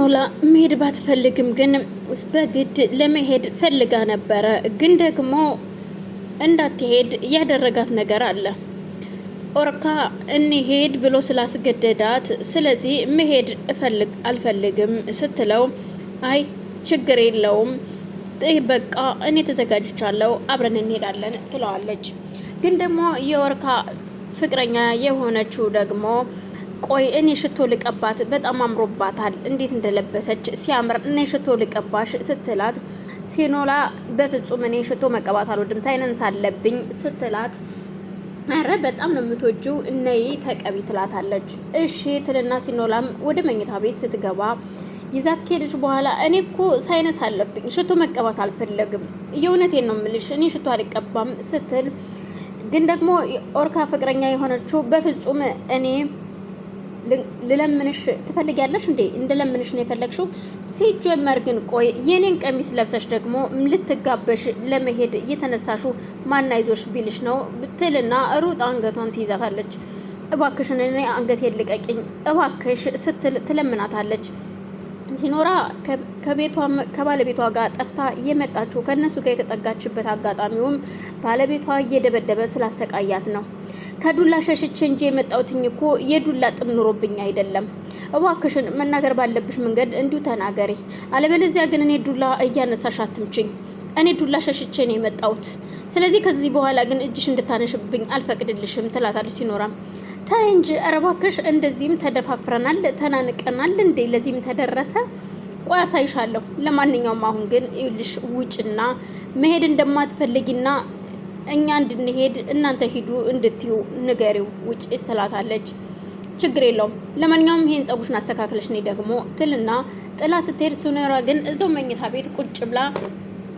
ኖላ መሄድ ባትፈልግም ግን በግድ ለመሄድ ፈልጋ ነበረ። ግን ደግሞ እንዳትሄድ ያደረጋት ነገር አለ። ኦርካ እንሄድ ብሎ ስላስገደዳት፣ ስለዚህ መሄድ እፈልግ አልፈልግም ስትለው አይ ችግር የለውም በቃ እኔ ተዘጋጅቻለሁ አብረን እንሄዳለን ትለዋለች። ግን ደግሞ የኦርካ ፍቅረኛ የሆነችው ደግሞ ቆይ እኔ ሽቶ ልቀባት፣ በጣም አምሮባታል እንዴት እንደለበሰች ሲያምር፣ እኔ ሽቶ ልቀባሽ ስትላት ሲኖላ በፍጹም እኔ ሽቶ መቀባት አልወድም ሳይነንስ አለብኝ ስትላት አረ በጣም ነው የምትወጂው እነይ ተቀቢ ትላታለች። እሺ ትልና ሲኖላም ወደ መኝታ ቤት ስትገባ ይዛት ከሄደች በኋላ እኔ እኮ ሳይነስ አለብኝ ሽቶ መቀባት አልፈለግም፣ የእውነቴን ነው የምልሽ እኔ ሽቶ አልቀባም ስትል ግን ደግሞ ኦርካ ፍቅረኛ የሆነችው በፍጹም እኔ ልለምንሽ ትፈልጊያለሽ እንዴ? እንደለምንሽ ነው የፈለግሽው? ሲጀመር ግን ቆይ የኔን ቀሚስ ለብሰሽ ደግሞ ልትጋበሽ ለመሄድ እየተነሳሹ ማናይዞሽ ቢልሽ ነው ብትልና ሩጥ አንገቷን ትይዛታለች። እባክሽን እኔ አንገቴን ልቀቂኝ እባክሽ ስትል ትለምናታለች። ሲኖራ ከባለቤቷ ጋር ጠፍታ እየመጣችው ከእነሱ ጋር የተጠጋችበት አጋጣሚውም ባለቤቷ እየደበደበ ስላሰቃያት ነው። ከዱላ ሸሽቼ እንጂ የመጣሁትኝ እኮ የዱላ ጥም ኑሮብኝ አይደለም። እባክሽን መናገር ባለብሽ መንገድ እንዲሁ ተናገሪ፣ አለበለዚያ ግን እኔ ዱላ እያነሳሽ አትምችኝ። እኔ ዱላ ሸሽቼ ነው የመጣውት። ስለዚህ ከዚህ በኋላ ግን እጅሽ እንድታነሽብኝ አልፈቅድልሽም ትላታለች ሲኖራም ታይ እንጂ ኧረ እባክሽ እንደዚህም ተደፋፍረናል፣ ተናንቀናል እንዴ? ለዚህም ተደረሰ። ቆይ አሳይሻለሁ። ለማንኛውም አሁን ግን ይኸውልሽ ውጭና መሄድ እንደማትፈልጊና እኛ እንድንሄድ እናንተ ሂዱ እንድትዩ ንገሪው ውጭ ስትላታለች። ችግር የለውም ለማንኛውም ይሄን ጸጉሽን አስተካክለሽ እኔ ደግሞ ትልና ጥላ ስትሄድ ሱነራ ግን እዛው መኝታ ቤት ቁጭ ብላ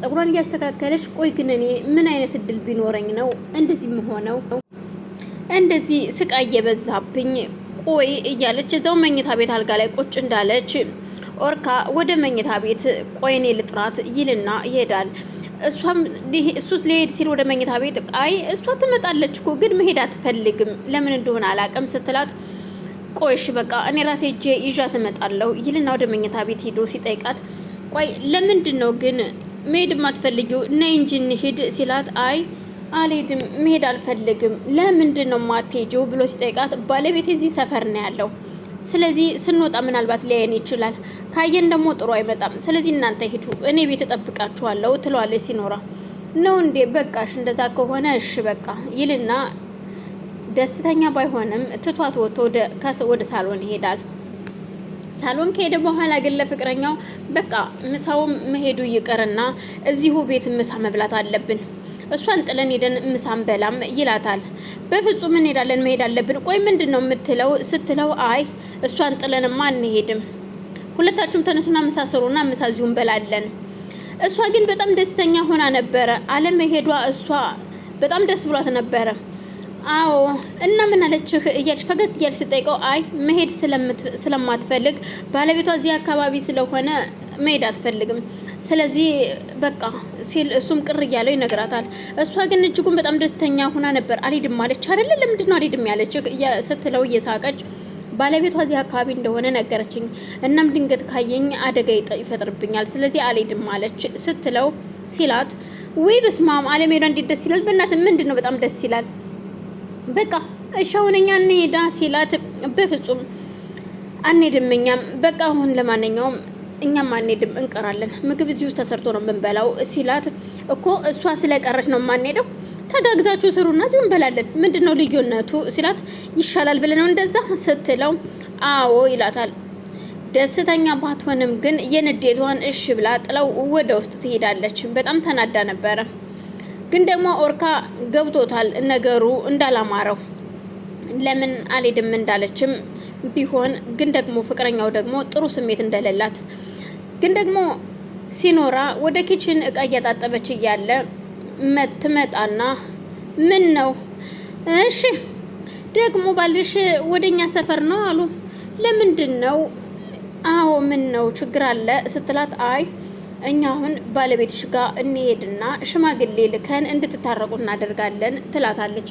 ጸጉሯን እያስተካከለች ቆይ ግን እኔ ምን አይነት እድል ቢኖረኝ ነው እንደዚህ የምሆነው እንደዚህ ስቃይ የበዛብኝ ቆይ እያለች እዛው መኝታ ቤት አልጋ ላይ ቁጭ እንዳለች ኦርካ ወደ መኝታ ቤት ቆይኔ ልጥራት ይልና ይሄዳል። እሷም እሱ ሊሄድ ሲል ወደ መኝታ ቤት አይ እሷ ትመጣለች እኮ ግን መሄድ አትፈልግም ለምን እንደሆነ አላውቅም ስትላት ቆይሽ በቃ እኔ ራሴ እጄ ይዣ እመጣለሁ ይልና ወደ መኝታ ቤት ሄዶ ሲጠይቃት ቆይ ለምንድን ነው ግን መሄድ ማትፈልጊው ነይ እንጂ እንሂድ ሲላት አይ አልሄድም፣ መሄድ አልፈልግም፣ ለምንድን ነው የማትሄጂው ብሎ ሲጠይቃት ባለቤቴ እዚህ ሰፈር ነው ያለው፣ ስለዚህ ስንወጣ ምናልባት ሊያየን ይችላል፣ ካየን ደግሞ ጥሩ አይመጣም፣ ስለዚህ እናንተ ሂዱ፣ እኔ ቤት እጠብቃችኋለሁ ትለዋለች ሲኖራ ነው እንዴ? በቃሽ፣ እንደዛ ከሆነ እሺ በቃ ይልና ደስተኛ ባይሆንም ትቷት ወጥቶ ወደ ሳሎን ይሄዳል። ሳሎን ከሄደ በኋላ ግን ለፍቅረኛው በቃ ምሳውም መሄዱ ይቅርና እዚሁ ቤት ምሳ መብላት አለብን እሷን ጥለን ሄደን ምሳን በላም ይላታል። በፍጹም እንሄዳለን፣ መሄድ አለብን። ቆይ ምንድን ነው የምትለው ስትለው አይ እሷን ጥለንማ አንሄድም፣ ሁለታችሁም ተነሱና ምሳ ስሩና ምሳ እዚሁ እንበላለን። እሷ ግን በጣም ደስተኛ ሆና ነበረ አለመሄዷ። እሷ በጣም ደስ ብሏት ነበረ። አዎ እና ምን አለችህ እያልሽ ፈገግ እያልሽ ስጠይቀው አይ መሄድ ስለማትፈልግ ባለቤቷ እዚህ አካባቢ ስለሆነ መሄድ አትፈልግም። ስለዚህ በቃ ሲል እሱም ቅር እያለው ይነግራታል። እሷ ግን እጅጉን በጣም ደስተኛ ሁና ነበር። አልሄድም አለች አይደለ? ለምንድን ነው አልሄድም ያለች ስትለው እየሳቀች ባለቤቷ እዚህ አካባቢ እንደሆነ ነገረችኝ። እናም ድንገት ካየኝ አደጋ ይፈጥርብኛል። ስለዚህ አልሄድም አለች ስትለው ሲላት ወይ በስማም አለም ሄዳ እንዴት ደስ ይላል! በእናት ምንድን ነው በጣም ደስ ይላል። በቃ እሺ አሁን እኛ እንሄዳ ሲላት በፍጹም አንሄድም እኛም በቃ አሁን ለማንኛውም እኛ አንሄድም እንቀራለን፣ ምግብ እዚሁ ተሰርቶ ነው የምንበላው ሲላት እኮ እሷ ስለቀረች ነው የማንሄደው ተጋግዛችሁ ስሩና እዚሁ እንበላለን። ምንድን ነው ልዩነቱ ሲላት ይሻላል ብለ ነው እንደዛ ስትለው አዎ ይላታል። ደስተኛ ባትሆንም ግን የንዴቷን እሽ ብላ ጥለው ወደ ውስጥ ትሄዳለች። በጣም ተናዳ ነበረ። ግን ደግሞ ኦርካ ገብቶታል ነገሩ እንዳላማረው ለምን አልሄድም እንዳለችም ቢሆን ግን ደግሞ ፍቅረኛው ደግሞ ጥሩ ስሜት እንደሌላት ግን ደግሞ ሲኖራ ወደ ኪችን እቃ እያጣጠበች እያለ ትመጣና ምን ነው እሺ፣ ደግሞ ባልሽ ወደኛ ሰፈር ነው አሉ። ለምንድን ነው? አዎ፣ ምን ነው ችግር አለ ስትላት፣ አይ እኛ አሁን ባለቤትሽ ጋር እንሄድና ሽማግሌ ልከን እንድትታረቁ እናደርጋለን ትላታለች።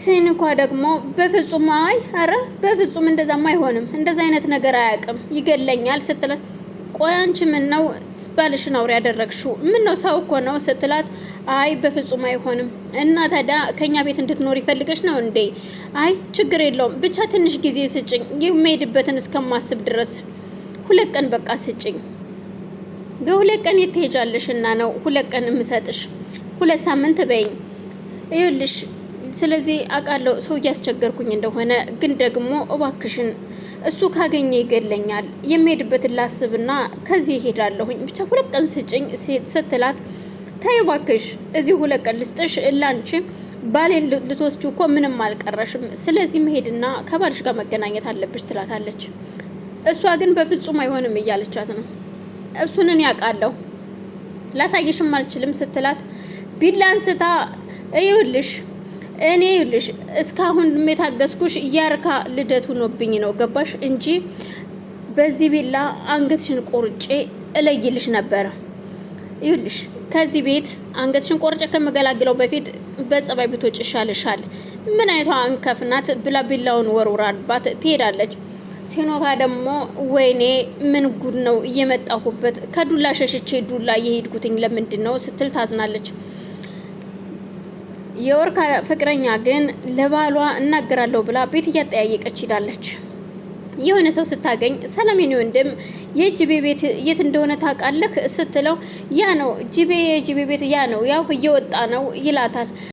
ሲንኳ ደግሞ በፍጹም አይ፣ አረ በፍጹም እንደዛም አይሆንም፣ እንደዛ አይነት ነገር አያውቅም፣ ይገለኛል ስትላት ቆይ አንቺ ምን ነው ባልሽን አውሬ ያደረግሽው? ምን ነው ሰው እኮ ነው ስትላት፣ አይ በፍጹም አይሆንም። እና ታዲያ ከኛ ቤት እንድትኖር ይፈልገሽ ነው እንዴ? አይ ችግር የለውም ብቻ ትንሽ ጊዜ ስጭኝ፣ የምሄድበትን እስከማስብ ድረስ ሁለት ቀን በቃ ስጭኝ። በሁለት ቀን የትሄጃለሽ? እና ነው ሁለት ቀን የምሰጥሽ፣ ሁለት ሳምንት በይኝ። ይኸውልሽ፣ ስለዚህ አውቃለሁ ሰው እያስቸገርኩኝ እንደሆነ፣ ግን ደግሞ እባክሽን እሱ ካገኘ ይገለኛል። ላስብ ላስብና ከዚህ ይሄዳለሁኝ ብቻ ሁለት ቀን ስጭኝ ስትላት ተይ እባክሽ እዚህ ሁለት ቀን ልስጥሽ ላንቺ ባሌን ልትወስጂ እኮ ምንም አልቀረሽም። ስለዚህ መሄድና ከባልሽ ጋር መገናኘት አለብሽ ትላታለች። እሷ ግን በፍጹም አይሆንም እያለቻት ነው። እሱንን ያውቃለሁ ላሳየሽም አልችልም ስትላት ቢላ አንስታ እይውልሽ እኔ ልሽ እስካሁን የታገስኩሽ እያርካ ልደት ሆኖብኝ ነው ገባሽ? እንጂ በዚህ ቢላ አንገትሽን ቆርጬ እለይልሽ ነበረ። ይልሽ ከዚህ ቤት አንገትሽን ቆርጬ ከመገላግለው በፊት በጸባይ ብትወጪ ይሻልሻል። ምን አይቷ አንከፍናት ብላ ቢላውን ወርውራባት ትሄዳለች። ሲኖካ ደግሞ ወይኔ ምን ጉድ ነው እየመጣሁበት፣ ከዱላ ሸሽቼ ዱላ እየሄድኩትኝ ለምንድን ነው ስትል ታዝናለች። የወርቅ ፍቅረኛ ግን ለባሏ እናገራለሁ ብላ ቤት እያጠያየቀች ሂዳለች። የሆነ ሰው ስታገኝ ሰላም ወንድም የጅቤ ቤት የት እንደሆነ ታውቃለህ ስትለው ያ ነው ጅቤ የጅቤ ቤት ያ ነው ያው እየወጣ ነው ይላታል።